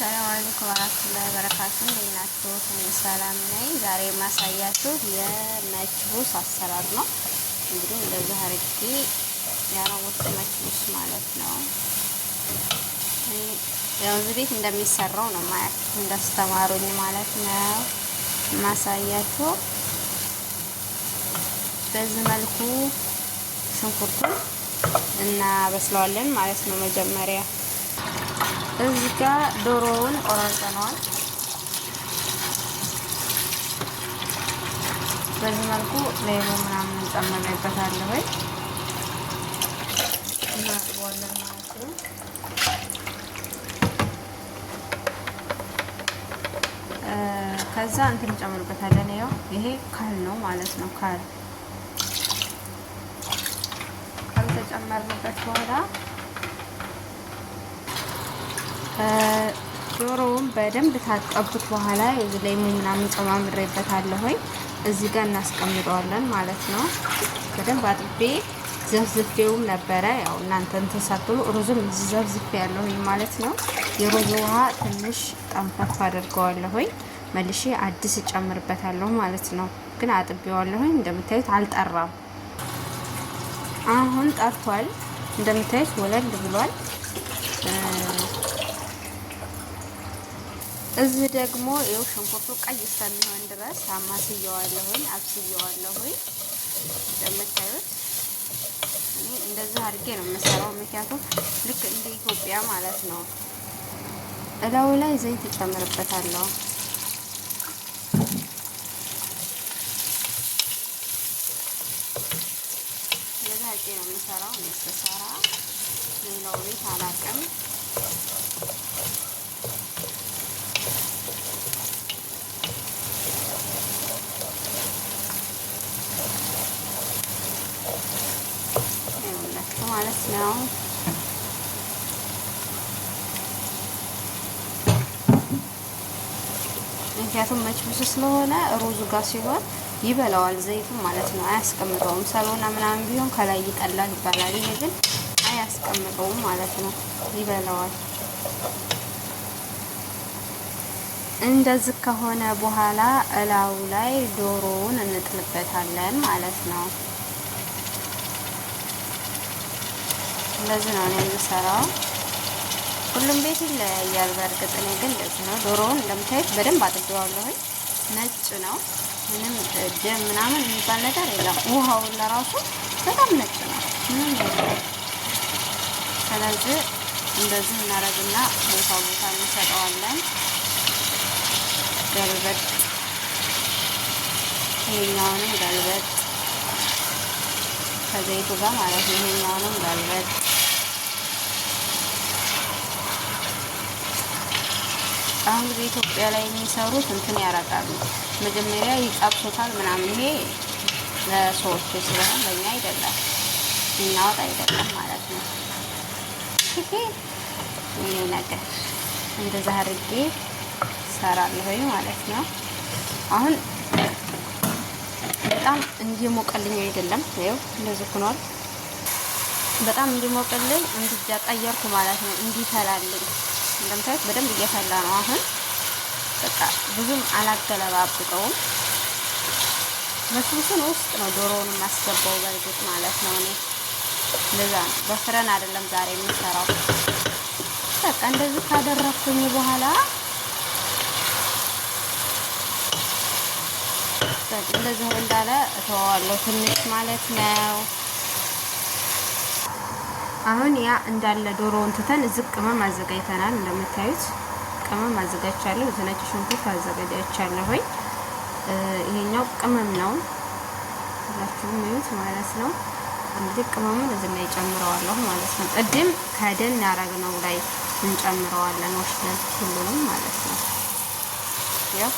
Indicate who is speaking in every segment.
Speaker 1: ሰላም አለይኩም ወራህመቱላሂ ወበረካቱ። እንዴት ናችሁ? እኔ ሰላም ነኝ። ዛሬ የማሳያችሁ የመችቡስ አሰራር ነው። እንግዲህ እንደዚህ አድርጌ ያረሙት መችቡስ ማለት ነው። ያው እዚህ ቤት እንደሚሰራው ነው ማያችሁ፣ እንዳስተማሩኝ ማለት ነው ማሳያችሁ። በዚህ መልኩ ሽንኩርቱን እናበስለዋለን ማለት ነው መጀመሪያ እዚህ ጋር ዶሮውን ቆራርጠነዋል። በዚህ መልኩ ሌቦ ምናምን እንጨምርበታለን ወይ እናጥበዋለን ማለት ነው። ከዛ እንትን እንጨምርበታለን። ያው ይሄ ካል ነው ማለት ነው። ካል ካልተጨመርንበት በኋላ ዶሮውን በደንብ ታጠብኩት በኋላ ሌሙ ምናምን ጨማምሬበታለሁኝ እዚህ ጋር እናስቀምጠዋለን ማለት ነው። በደንብ አጥቤ ዘፍዝፌውም ነበረ ያው እናንተ እንትን ሳትሉ ሩዝም ዘፍዝፌ ያለሁኝ ማለት ነው። የሩዝ ውሃ ትንሽ ጠንፈፍ አድርገዋለሁኝ መልሼ አዲስ እጨምርበታለሁ ማለት ነው። ግን አጥቤዋለሁኝ እንደምታዩት አልጠራም። አሁን ጠርቷል እንደምታዩት ወለል ብሏል። እዚህ ደግሞ ይኸው ሽንኩርቱ ቀይ እስከሚሆን ድረስ አማስየዋለሁኝ፣ አብስየዋለሁኝ እንደምታዩት እኔ እንደዚህ አድርጌ ነው የምሰራው። ምክንያቱም ልክ እንደ ኢትዮጵያ ማለት ነው። እላዩ ላይ ዘይት እጨምርበታለሁ። እንደዚህ አድርጌ ነው የምሰራው። ስሰራ ሌላው ቤት አላውቅም። ምክንያቱም መችብሱ ስለሆነ ሩዙ ጋር ሲሆን ይበላዋል፣ ዘይቱ ማለት ነው። አያስቀምጠውም። ሰሎና ምናምን ቢሆን ከላይ ይጠላል ይባላል። ይሄ ግን አያስቀምጠውም ማለት ነው፣ ይበላዋል። እንደዚህ ከሆነ በኋላ እላው ላይ ዶሮውን እንጥልበታለን ማለት ነው። እንደዚህ ነው የምሰራው። ሁሉም ቤት ይለያያል። በእርግጥ እኔ ግን እንደዚህ ነው። ዶሮውን እንደምታዩት በደንብ አጥቤዋለሁኝ። ነጭ ነው፣ ምንም ደም ምናምን የሚባል ነገር የለም። ውሃውን ለራሱ በጣም ነጭ ነው፣ ምንም የለም። ስለዚህ እንደዚህ እናደርግና ቦታ ቦታ እንሰጠዋለን። ገልበጥ፣ ይሄኛውንም ገልበጥ ከዘይቱ ጋር ማለት ነው። ይሄኛውንም ገልበጥ አሁን በኢትዮጵያ ኢትዮጵያ ላይ የሚሰሩት እንትን ያረጋሉ። መጀመሪያ ይጠብሱታል ምናምን። ይሄ ለሰዎች ስለሆነ ለእኛ አይደለም እናወጥ አይደለም ማለት ነው። ይሄ ነገር እንደዛ አድርጌ ሰራለሁ ማለት ነው። አሁን በጣም እንዲሞቀልኝ አይደለም፣ ይኸው እንደዚህ ሆኗል። በጣም እንዲሞቀልኝ እንዲጃ ቀየርኩ ማለት ነው እንዲፈላልኝ እንደምታዩት በደንብ እየፈላ ነው። አሁን በቃ ብዙም አላገለባብጠውም። መስቡስን ውስጥ ነው ዶሮውን የማስገባው በእርግጥ ማለት ነው። እኔ ለዛ ነው፣ በፍረን አይደለም ዛሬ የምሰራው። በቃ እንደዚህ ካደረኩኝ በኋላ እንደዚህ እንዳለ እተዋዋለሁ ትንሽ ማለት ነው። አሁን ያ እንዳለ ዶሮውን ትተን እዚህ ቅመም አዘጋጅተናል። እንደምታዩት ቅመም አዘጋጅቻለሁ። እዚህ ነጭ ሽንኩርት አዘጋጃቻለሁ። ሆይ ይሄኛው ቅመም ነው ሁላችሁም እዩት ማለት ነው። እንግዲህ ቅመሙን እዚህ ላይ ጨምረዋለሁ ማለት ነው። ቅድም ከደን ያደረግነው ላይ እንጨምረዋለን ወስደን ሁሉንም ማለት ነው። ያው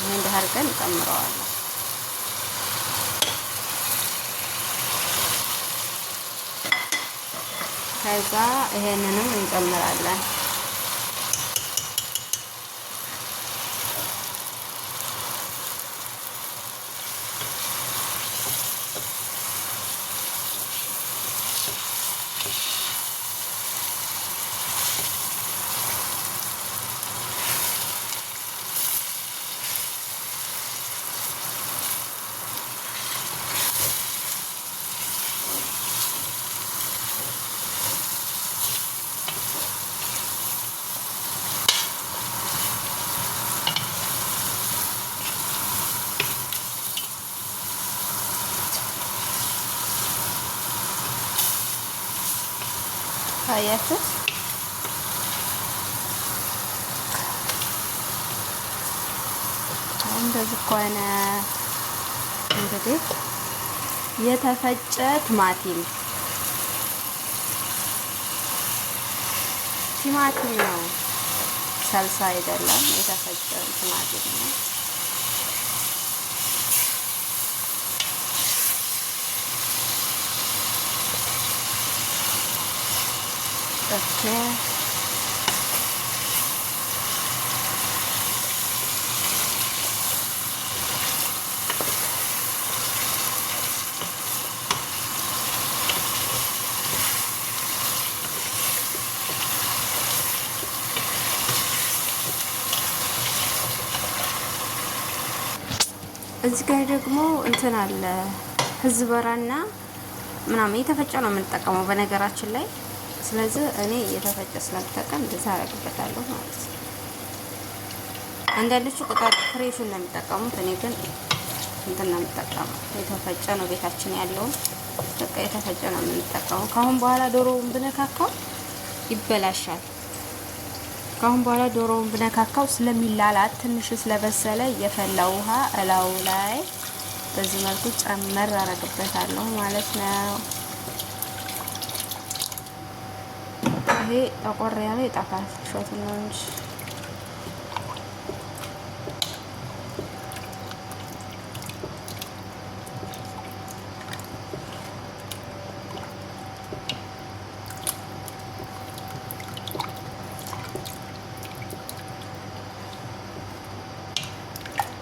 Speaker 1: ይሄን አድርገን እንጨምረዋለን። ከዛ ይሄንንም እንጨምራለን አያችሁት? እንደዚህ ከሆነ እንግዲህ የተፈጨ ቲማቲም ቲማቲም ነው፣ ሰልሳ አይደለም። የተፈጨ ቲማቲም ነው። પછી እዚህ ጋር ደግሞ እንትን አለ ህዝበራና ምናምን የተፈጨ ነው የምንጠቀመው በነገራችን ላይ ስለዚህ እኔ እየተፈጨ ስለምጠቀም እንደዛ አደርግበታለሁ ማለት ነው። አንዳንዶቹ ቅጠል ፍሬሽ ነው የሚጠቀሙት። እኔ ግን እንትን ነው የሚጠቀመው፣ የተፈጨ ነው ቤታችን ያለውን በቃ የተፈጨ ነው የምንጠቀመው። ከአሁን በኋላ ዶሮውን ብነካካው ይበላሻል። ከአሁን በኋላ ዶሮውን ብነካካው ስለሚላላት ትንሽ ስለበሰለ የፈላ ውሃ እላው ላይ በዚህ መልኩ ጨመር አረግበታለሁ ማለት ነው። ይሄ ጠቆር ያለ ይጠፋል። ሾት ነው እንጂ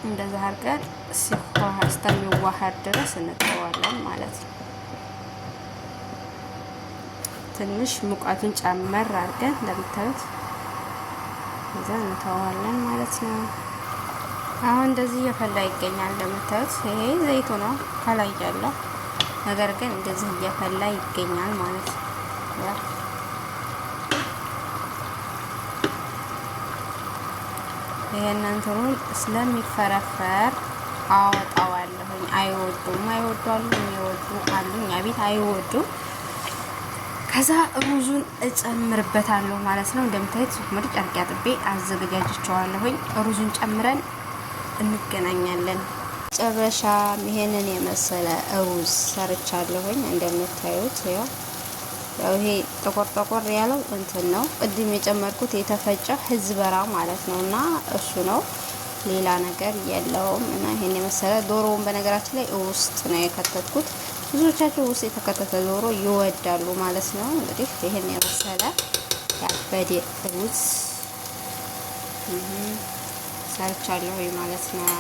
Speaker 1: እንደዛ አድርገን እስከሚዋሃድ ድረስ እንጠዋለን ማለት ነው። ትንሽ ሙቀቱን ጨመር አድርገን እንደምታዩት እዛ እንተዋለን ማለት ነው። አሁን እንደዚህ እየፈላ ይገኛል እንደምታዩት። ይሄ ዘይቱ ነው ከላይ ያለው ነገር ግን እንደዚህ እየፈላ ይገኛል ማለት ነው። ይሄንን ትሩን ስለሚፈረፈር አወጣዋለሁኝ። አይወዱም አይወዱ አሉ፣ የሚወዱ አሉ። እኛ ቤት አይወዱም ከዛ ሩዙን እጨምርበታለሁ ማለት ነው። እንደምታዩት ሱፍ ምርጭ ጨርቅ አጥቤ አዘገጃጅቸዋለሁኝ። ሩዙን ጨምረን እንገናኛለን። ጨበሻ ይሄንን የመሰለ ሩዝ ሰርቻለሁኝ። እንደምታዩት ያው ያው ይሄ ጠቆር ጠቆር ያለው እንትን ነው። ቅድም የጨመርኩት የተፈጨ ህዝበራ ማለት ነው እና እሱ ነው ሌላ ነገር የለውም እና ይሄን የመሰለ ዶሮውን በነገራችን ላይ ውስጥ ነው የከተትኩት። ብዙዎቻቸው ውስጥ የተከተተ ዶሮ ይወዳሉ ማለት ነው። እንግዲህ ይሄን የመሰለ በዴ ሩዝ ሰርቻለሁ ማለት ነው።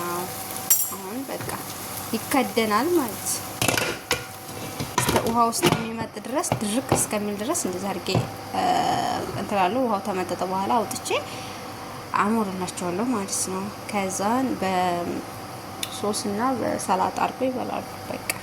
Speaker 1: አሁን በቃ ይከደናል ማለት ውሃ ውስጥ የሚመጥ ድረስ ድርቅ እስከሚል ድረስ እንደዛ አድርጌ እንትላለሁ። ውሃው ተመጠጠ በኋላ አውጥቼ አሞርላቸዋለሁ ማለት ነው። ከዛን በሶስና በሰላጣ አድርጎ ይበላሉ በቃ